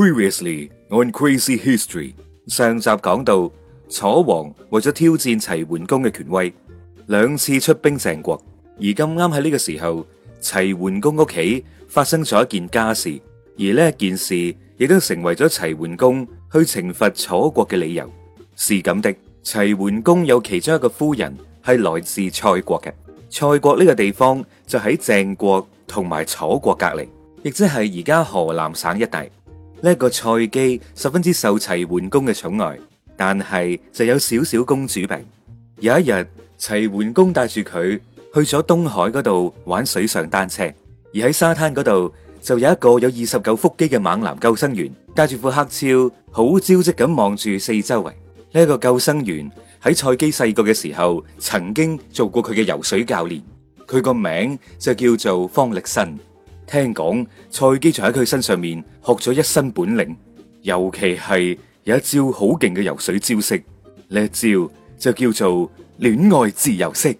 Previously，on《Crazy History》上集講到，楚王為咗挑戰齊桓公嘅權威，兩次出兵鄭國。而今啱喺呢個時候，齊桓公屋企發生咗一件家事，而呢件事亦都成為咗齊桓公去懲罰楚國嘅理由。是咁的，齊桓公有其中一個夫人係來自蔡國嘅。蔡國呢個地方就喺鄭國同埋楚國隔離，亦即係而家河南省一帶。呢一個蔡姬十分之受齊桓公嘅寵愛，但係就有少少公主病。有一日，齊桓公帶住佢去咗東海嗰度玩水上單車，而喺沙灘嗰度就有一個有二十九腹肌嘅猛男救生員，戴住副黑超，好焦急咁望住四周圍。呢一個救生員喺蔡姬細個嘅時候曾經做過佢嘅游水教練，佢個名就叫做方力申。聽講，蔡姬就喺佢身上面學咗一身本領，尤其係有一招好勁嘅游水招式，呢一招就叫做戀愛自由式。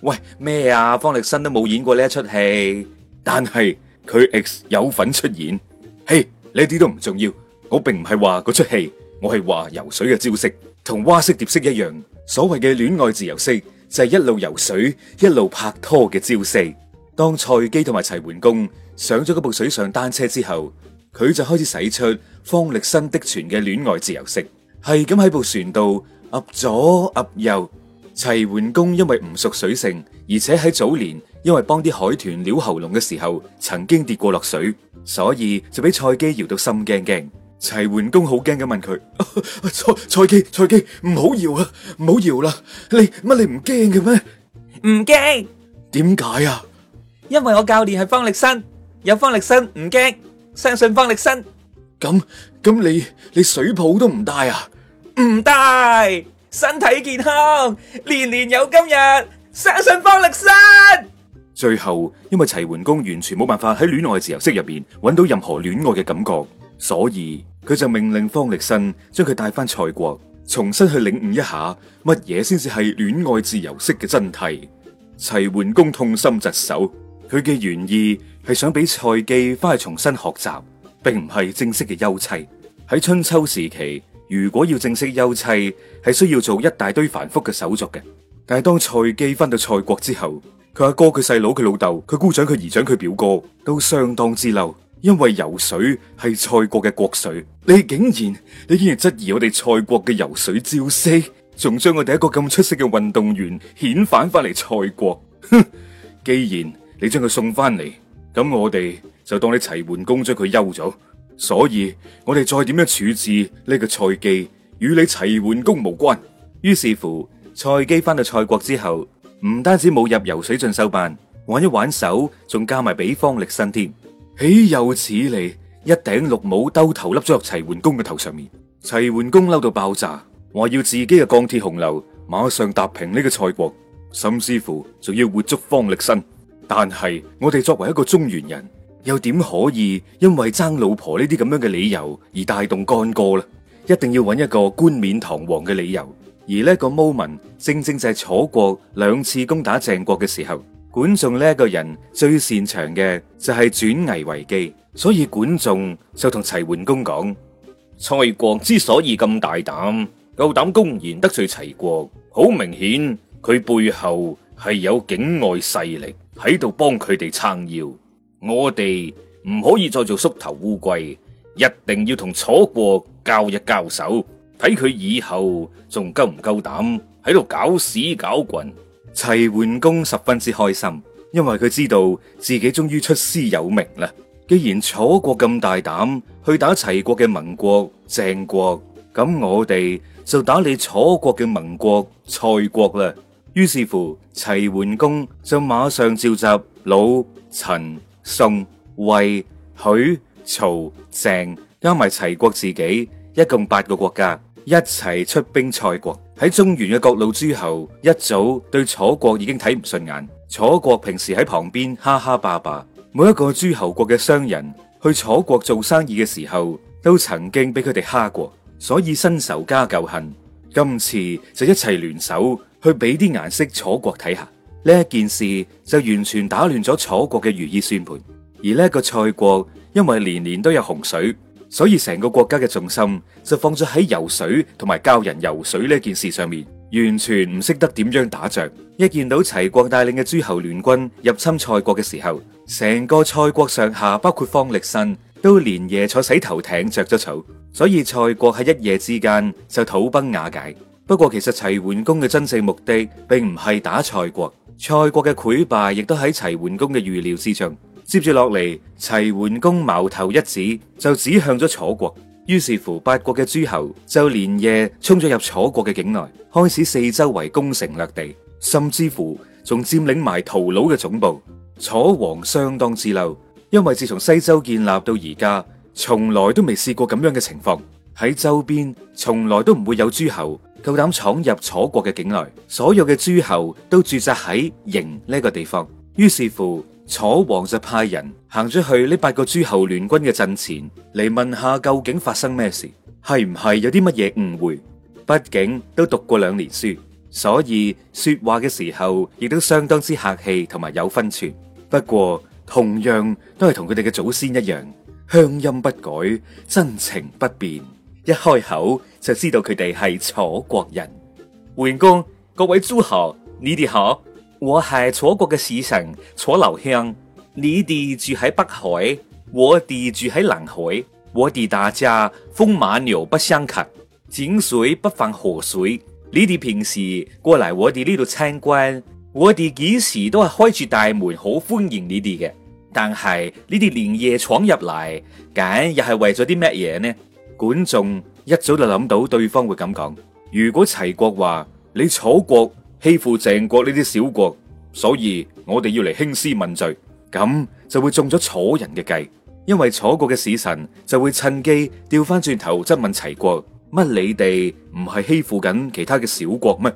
喂，咩啊？方力申都冇演過呢一出戲，但係佢 ex 有份出演。嘿，呢一啲都唔重要，我並唔係話嗰出戲，我係話游水嘅招式同蛙式蝶式一樣。所謂嘅戀愛自由式就係一路游水一路拍拖嘅招式。當蔡姬同埋齊桓公，上咗嗰部水上單車之後，佢就開始使出方力申的傳嘅戀愛自由式，係咁喺部船度壓左壓右。齊桓公因為唔熟水性，而且喺早年因為幫啲海豚撩喉嚨嘅時候，曾經跌過落水，所以就俾蔡姬搖到心驚驚。齊桓公好驚咁問佢：蔡蔡姬，蔡姬，唔好搖啊，唔好搖啦！你乜你唔驚嘅咩？唔驚？點解啊？因為我教練係方力申。有方力申唔驚，相信方力申。咁咁你你水泡都唔帶啊？唔帶，身體健康，年年有今日。相信方力申。最後，因為齊桓公完全冇辦法喺戀愛自由式入邊揾到任何戀愛嘅感覺，所以佢就命令方力申將佢帶翻蔡國，重新去領悟一下乜嘢先至係戀愛自由式嘅真諦。齊桓公痛心疾首，佢嘅原意。係想俾蔡姬翻去重新學習，並唔係正式嘅休妻。喺春秋時期，如果要正式休妻，係需要做一大堆繁複嘅手續嘅。但係當蔡姬翻到蔡國之後，佢阿哥、佢細佬、佢老豆、佢姑丈、佢姨丈、佢表哥都相當之嬲，因為游水係蔡國嘅國粹。你竟然你竟然質疑我哋蔡國嘅游水招式，仲將我哋一個咁出色嘅運動員遣返翻嚟蔡國。哼， 既然你將佢送翻嚟。咁我哋就當你齊桓公將佢休咗，所以我哋再點樣處置呢個蔡姬，與你齊桓公無關。於是乎，蔡姬返到蔡國之後，唔單止冇入游水進修班，玩一玩手，仲加埋俾方力申添。豈有此理！一頂綠帽兜頭笠咗入齊桓公嘅頭上面，齊桓公嬲到爆炸，話要自己嘅鋼鐵洪流馬上踏平呢個蔡國，甚至乎仲要活捉方力申。但係，我哋作為一個中原人，又點可以因為爭老婆呢啲咁樣嘅理由而大動干戈呢？一定要揾一個冠冕堂皇嘅理由。而呢個 moment 正正就係楚國兩次攻打鄭國嘅時候，管仲呢個人最擅長嘅就係轉危為機，所以管仲就同齊桓公講：蔡國之所以咁大膽，夠膽公然得罪齊國，好明顯佢背後係有境外勢力。喺度幫佢哋撐腰，我哋唔可以再做縮頭烏龜，一定要同楚國交一交手，睇佢以後仲夠唔夠膽喺度搞屎搞棍。齊桓公十分之開心，因為佢知道自己終於出師有名啦。既然楚國咁大膽去打齊國嘅盟國、鄭國，咁我哋就打你楚國嘅盟國、蔡國啦。於是乎，齊桓公就馬上召集魯、陳、宋、衛、許、曹、鄭加埋齊國自己，一共八個國家一齊出兵蔡國。喺中原嘅各路諸侯一早對楚國已經睇唔順眼，楚國平時喺旁邊哈哈霸霸，每一個諸侯國嘅商人去楚國做生意嘅時候，都曾經俾佢哋蝦過，所以新仇加舊恨。今次就一齊聯手去俾啲顏色楚國睇下，呢一件事就完全打亂咗楚國嘅如意算盤。而呢一個蔡國，因為年年都有洪水，所以成個國家嘅重心就放咗喺游水同埋教人游水呢件事上面，完全唔識得點樣打仗。一見到齊國帶領嘅諸侯聯軍入侵蔡國嘅時候，成個蔡國上下包括方力申都連夜坐洗頭艇着咗草。所以蔡國喺一夜之間就土崩瓦解。不過其實齊桓公嘅真正目的並唔係打蔡國，蔡國嘅潰敗亦都喺齊桓公嘅預料之中。接住落嚟，齊桓公矛頭一指就指向咗楚國，於是乎八國嘅諸侯就連夜衝咗入楚國嘅境內，開始四周圍攻城略地，甚至乎仲佔領埋屠魯嘅總部。楚王相當之嬲，因為自從西周建立到而家。從來都未試過咁樣嘅情況喺周邊，從來都唔會有諸侯夠膽闖入楚國嘅境內。所有嘅諸侯都駐紮喺陘呢個地方。於是乎，楚王就派人行咗去呢八個諸侯聯軍嘅陣前嚟問下究竟發生咩事，係唔係有啲乜嘢誤會？畢竟都讀過兩年書，所以說話嘅時候亦都相當之客氣同埋有分寸。不過同樣都係同佢哋嘅祖先一樣。鄉音不改，真情不變。一開口就知道佢哋係楚國人。桓公，各位諸侯，你哋好，我係楚國嘅使臣楚留香。你哋住喺北海，我哋住喺南海，我哋大家風馬牛不相及，井水不犯河水。你哋平時過嚟我哋呢度參觀，我哋幾時都係開住大門，好歡迎你哋嘅。但係呢啲連夜闖入嚟，梗又係為咗啲咩嘢呢？管仲一早就諗到對方會咁講。如果齊國話你楚國欺負鄭國呢啲小國，所以我哋要嚟興師問罪，咁就會中咗楚人嘅計。因為楚國嘅使臣就會趁機調翻轉頭質問齊國：乜你哋唔係欺負緊其他嘅小國咩？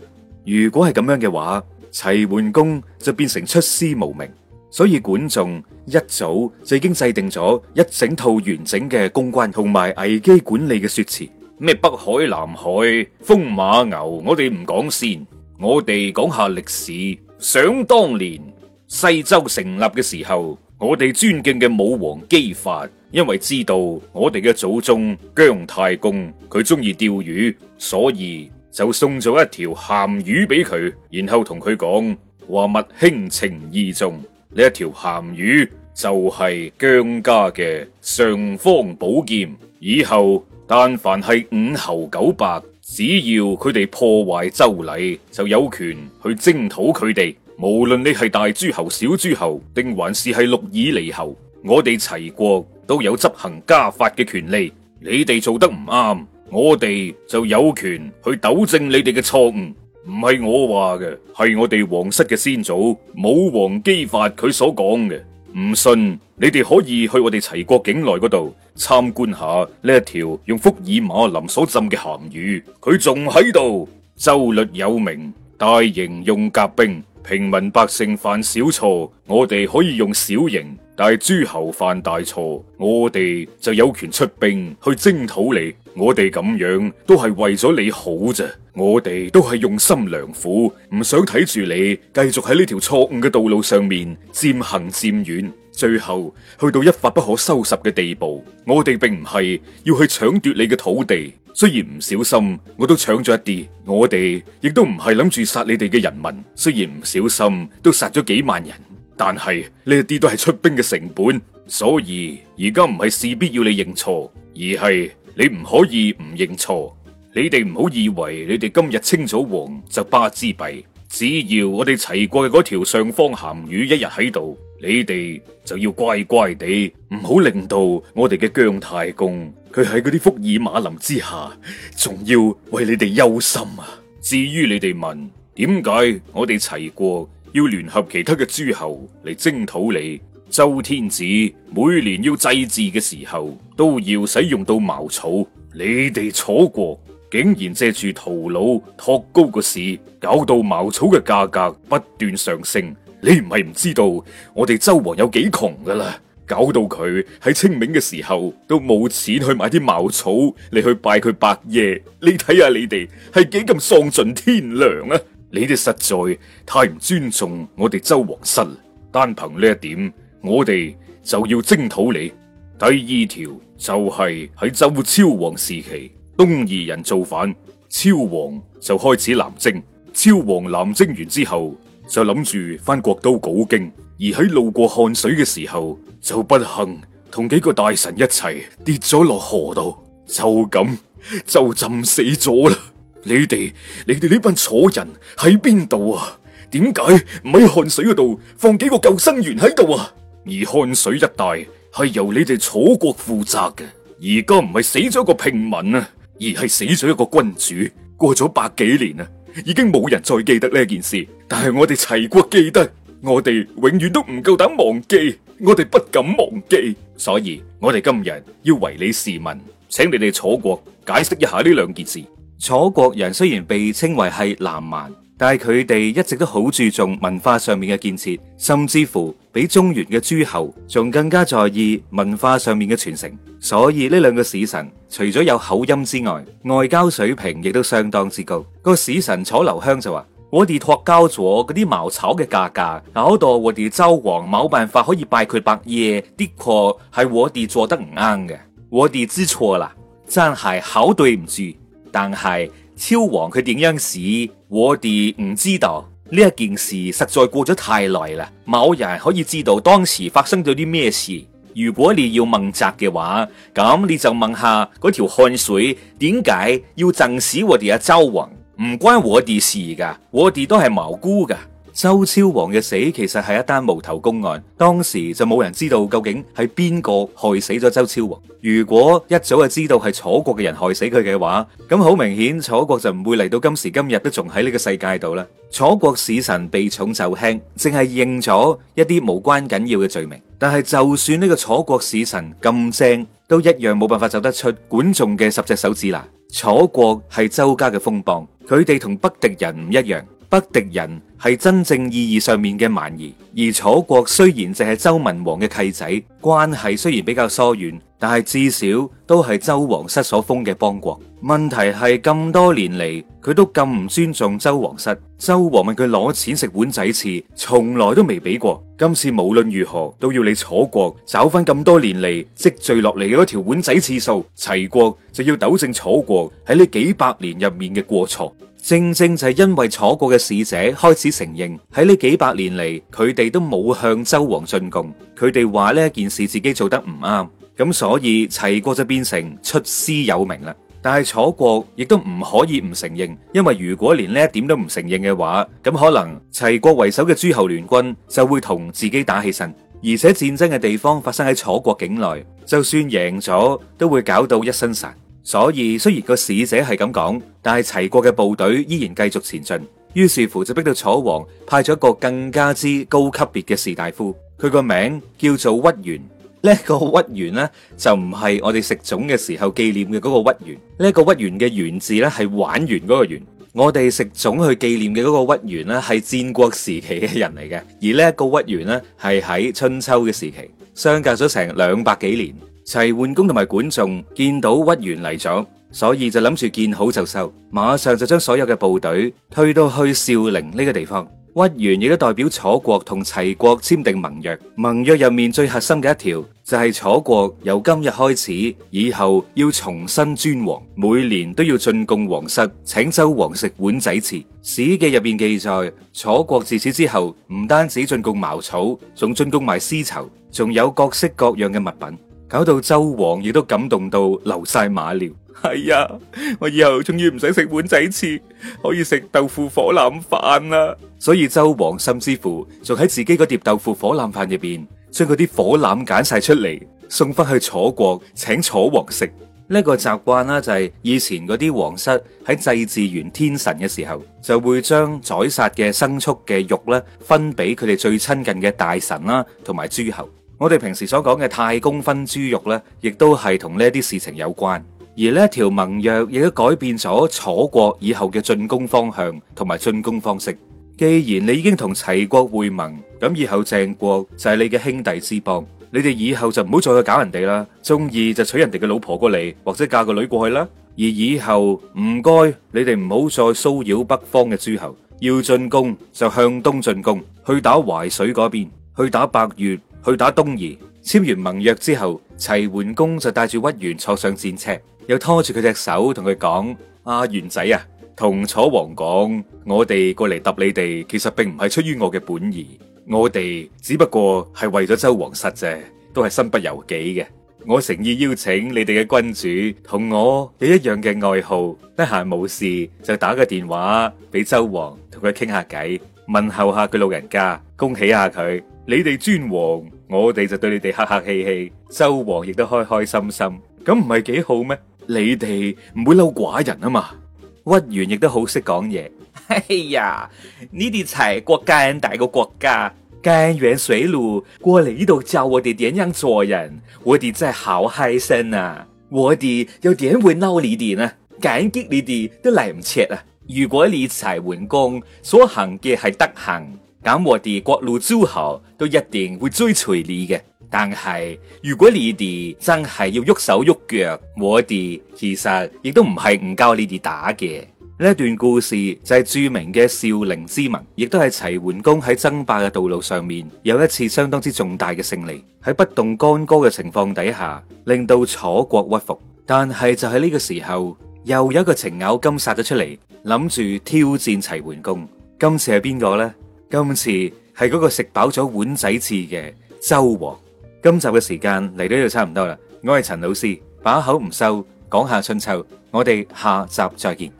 如果係咁樣嘅話，齊桓公就變成出師無名。所以管仲一早就已經制定咗一整套完整嘅公關同埋危機管理嘅說辭。咩北海、南海、風馬牛，我哋唔講先。我哋講下歷史。想當年西周成立嘅時候，我哋尊敬嘅武王姬發，因為知道我哋嘅祖宗姜太公佢中意釣魚，所以就送咗一條鹹魚俾佢，然後同佢講話物輕情意重。呢一條鹹魚就係、是、姜家嘅上方寶劍，以後但凡係五侯九伯，只要佢哋破壞周禮，就有權去征討佢哋。無論你係大諸侯、小諸侯，定還是係六耳獼猴，我哋齊國都有執行家法嘅權利。你哋做得唔啱，我哋就有權去糾正你哋嘅錯誤。唔係我話嘅，係我哋皇室嘅先祖武王姬發佢所講嘅。唔信，你哋可以去我哋齊國境內嗰度參觀下呢一條用福爾馬林所浸嘅鹹魚，佢仲喺度。周律有名，大刑用甲兵，平民百姓犯小錯，我哋可以用小刑，但係諸侯犯大錯，我哋就有權出兵去征討你。我哋咁樣都係為咗你好啫。我哋都係用心良苦，唔想睇住你繼續喺呢條錯誤嘅道路上面漸行漸遠，最後去到一發不可收拾嘅地步。我哋並唔係要去搶奪你嘅土地，雖然唔小心我都搶咗一啲。我哋亦都唔係諗住殺你哋嘅人民，雖然唔小心都殺咗幾萬人，但係呢一啲都係出兵嘅成本。所以而家唔係勢必要你認錯，而係你唔可以唔認錯。你哋唔好以為你哋今日清早王就巴之弊，只要我哋齊國嘅嗰條上方鹹魚一日喺度，你哋就要乖乖地，唔好令到我哋嘅姜太公佢喺嗰啲福爾馬林之下，仲要為你哋憂心啊！至於你哋問點解我哋齊國要聯合其他嘅諸侯嚟征討你，周天子每年要祭祀嘅時候都要使用到茅草，你哋楚國竟然借住屠老托高個市，搞到茅草嘅價格不斷上升。你唔係唔知道，我哋周王有幾窮噶啦，搞到佢喺清明嘅時候都冇錢去買啲茅草嚟去拜佢白夜。你睇下你哋係幾咁喪盡天良啊！你哋實在太唔尊重我哋周王室，單憑呢一點，我哋就要征討你。第二條就係喺周昭王時期。東夷人造反，昭王就開始南征。昭王南征完之後，就諗住翻國都鎬京，而喺路過漢水嘅時候，就不幸同幾個大臣一齊跌咗落河度，就咁就浸死咗啦。你哋，你哋呢班楚人喺邊度啊？點解唔喺漢水嗰度放幾個救生員喺度啊？而漢水一帶係由你哋楚國負責嘅，而家唔係死咗個平民啊！而係死咗一個君主，過咗百幾年啦，已經冇人再記得呢件事。但係我哋齊國記得，我哋永遠都唔夠膽忘記，我哋不敢忘記。所以，我哋今日要為你試問，請你哋楚國解釋一下呢兩件事。楚國人雖然被稱為係南蠻。但係佢哋一直都好注重文化上面嘅建設，甚至乎比中原嘅諸侯仲更加在意文化上面嘅傳承。所以呢兩個使臣除咗有口音之外，外交水平亦都相當之高。個使臣楚留香就話：我哋托交咗嗰啲茅草嘅價格，搞到我哋周王冇辦法可以拜佢百夜，的確係我哋做得唔啱嘅，我哋知錯啦，真係好對唔住。但係楚王佢點樣使？我哋唔知道呢一件事實在過咗太耐啦。某人可以知道當時發生咗啲咩事。如果你要問責嘅話，咁你就問下嗰條漢水點解要浸死我哋阿周王？唔關我哋事㗎，我哋都係無辜㗎。周昭王嘅死其實係一單無頭公案，當時就冇人知道究竟係邊個害死咗周昭王。如果一早就知道係楚國嘅人害死佢嘅話，咁好明顯楚國就唔會嚟到今時今日都仲喺呢個世界度啦。楚國使臣避重就輕，淨係認咗一啲無關緊要嘅罪名。但係就算呢個楚國使臣咁精，都一樣冇辦法走得出管仲嘅十隻手指啦。楚國係周家嘅風暴，佢哋同北狄人唔一樣。北敵人係真正意義上面嘅蠻夷，而楚國雖然淨係周文王嘅契仔，關係雖然比較疏遠，但係至少都係周王室所封嘅邦國。問題係咁多年嚟，佢都咁唔尊重周王室。周王問佢攞錢食碗仔翅，從來都未俾過。今次無論如何都要你楚國找翻咁多年嚟積聚落嚟嗰條碗仔翅數，齊國就要糾正楚國喺呢幾百年入面嘅過錯。正正就係因為楚國嘅使者開始承認喺呢幾百年嚟佢哋都冇向周王進貢，佢哋話呢一件事自己做得唔啱，咁所以齊國就變成出師有名啦。但係楚國亦都唔可以唔承認，因為如果連呢一點都唔承認嘅話，咁可能齊國為首嘅諸侯聯軍就會同自己打起身，而且戰爭嘅地方發生喺楚國境內，就算贏咗都會搞到一身神。所以雖然個使者係咁講，但係齊國嘅部隊依然繼續前進，於是乎就逼到楚王派咗一個更加之高級別嘅士大夫，佢個名叫做屈原。呢一個屈完咧，就唔係我哋食粽嘅時候紀念嘅嗰個屈原。呢一個屈完嘅完字咧，係玩完嗰個完。我哋食粽去紀念嘅嗰個屈原咧，係戰國時期嘅人嚟嘅。而呢一個屈完咧，係喺春秋嘅時期，相隔咗成兩百幾年。齊桓公同埋管仲見到屈完嚟咗，所以就諗住見好就收，馬上就將所有嘅部隊退到去召陵呢個地方。屈原亦都代表楚國同齊國簽訂盟約，盟約入面最核心嘅一條就係、是、楚國由今日開始以後要重新尊王，每年都要進貢皇室，請周王食碗仔翅。史記入面記載，楚國自此之後唔單止進貢茅草，仲進貢埋絲綢，仲有各式各樣嘅物品，搞到周王亦都感動到流晒馬尿。係啊、哎！我以後終於唔使食碗仔翅，可以食豆腐火腩飯啦。所以周王甚至乎仲喺自己個碟豆腐火腩飯入邊，將嗰啲火腩揀晒出嚟，送翻去楚國請楚王食。呢個習慣啦、啊，就係、是、以前嗰啲皇室喺祭祀完天神嘅時候，就會將宰殺嘅牲畜嘅肉咧，分俾佢哋最親近嘅大臣啦、啊，同埋諸侯。我哋平時所講嘅太公分豬肉咧，亦都係同呢啲事情有關。而呢一條盟約亦都改變咗楚國以後嘅進攻方向同埋進攻方式。既然你已經同齊國會盟，咁以後鄭國就係你嘅兄弟之邦。你哋以後就唔好再去搞人哋啦。中意就娶人哋嘅老婆過嚟，或者嫁個女過去啦。而以後唔該，你哋唔好再騷擾北方嘅諸侯。要進攻就向東進攻，去打淮水嗰邊，去打百越，去打東夷。簽完盟約之後，齊桓公就帶住屈原坐上戰車。又拖住佢隻手，同佢講：阿、啊、元仔啊，同楚王講，我哋過嚟揼你哋，其實並唔係出於我嘅本意，我哋只不過係為咗周王室啫，都係身不由己嘅。我誠意邀請你哋嘅君主，同我有一樣嘅愛好，得閒冇事就打個電話俾周王，同佢傾下偈，問候下佢老人家，恭喜下佢。你哋尊王，我哋就對你哋客客氣氣，周王亦都開開心心，咁唔係幾好咩？你哋唔會嬲寡人啊嘛？屈原亦都好識講嘢。 哎呀，呢啲齊國咁大個國家，咁遠水路過嚟呢度教我哋點樣做人，我哋真係好開心啊！我哋又點會嬲你哋呢？感激你哋都嚟唔切啊！如果你齊桓公，所行嘅係德行，咁我哋各路諸侯都一定會追隨你嘅。但係，如果你哋真係要喐手喐腳，我哋其實亦都唔係唔教你哋打嘅。呢一段故事就係著名嘅召陵之盟，亦都係齊桓公喺爭霸嘅道路上面有一次相當之重大嘅勝利，喺不動干戈嘅情況底下，令到楚國屈服。但係就喺呢個時候，又有一個程咬金殺咗出嚟，諗住挑戰齊桓公。今次係邊個呢？今次係嗰個食飽咗碗仔翅嘅周王。今集嘅時間嚟到呢度差唔多啦，我係陳老師，把口唔收，講下春秋，我哋下集再見。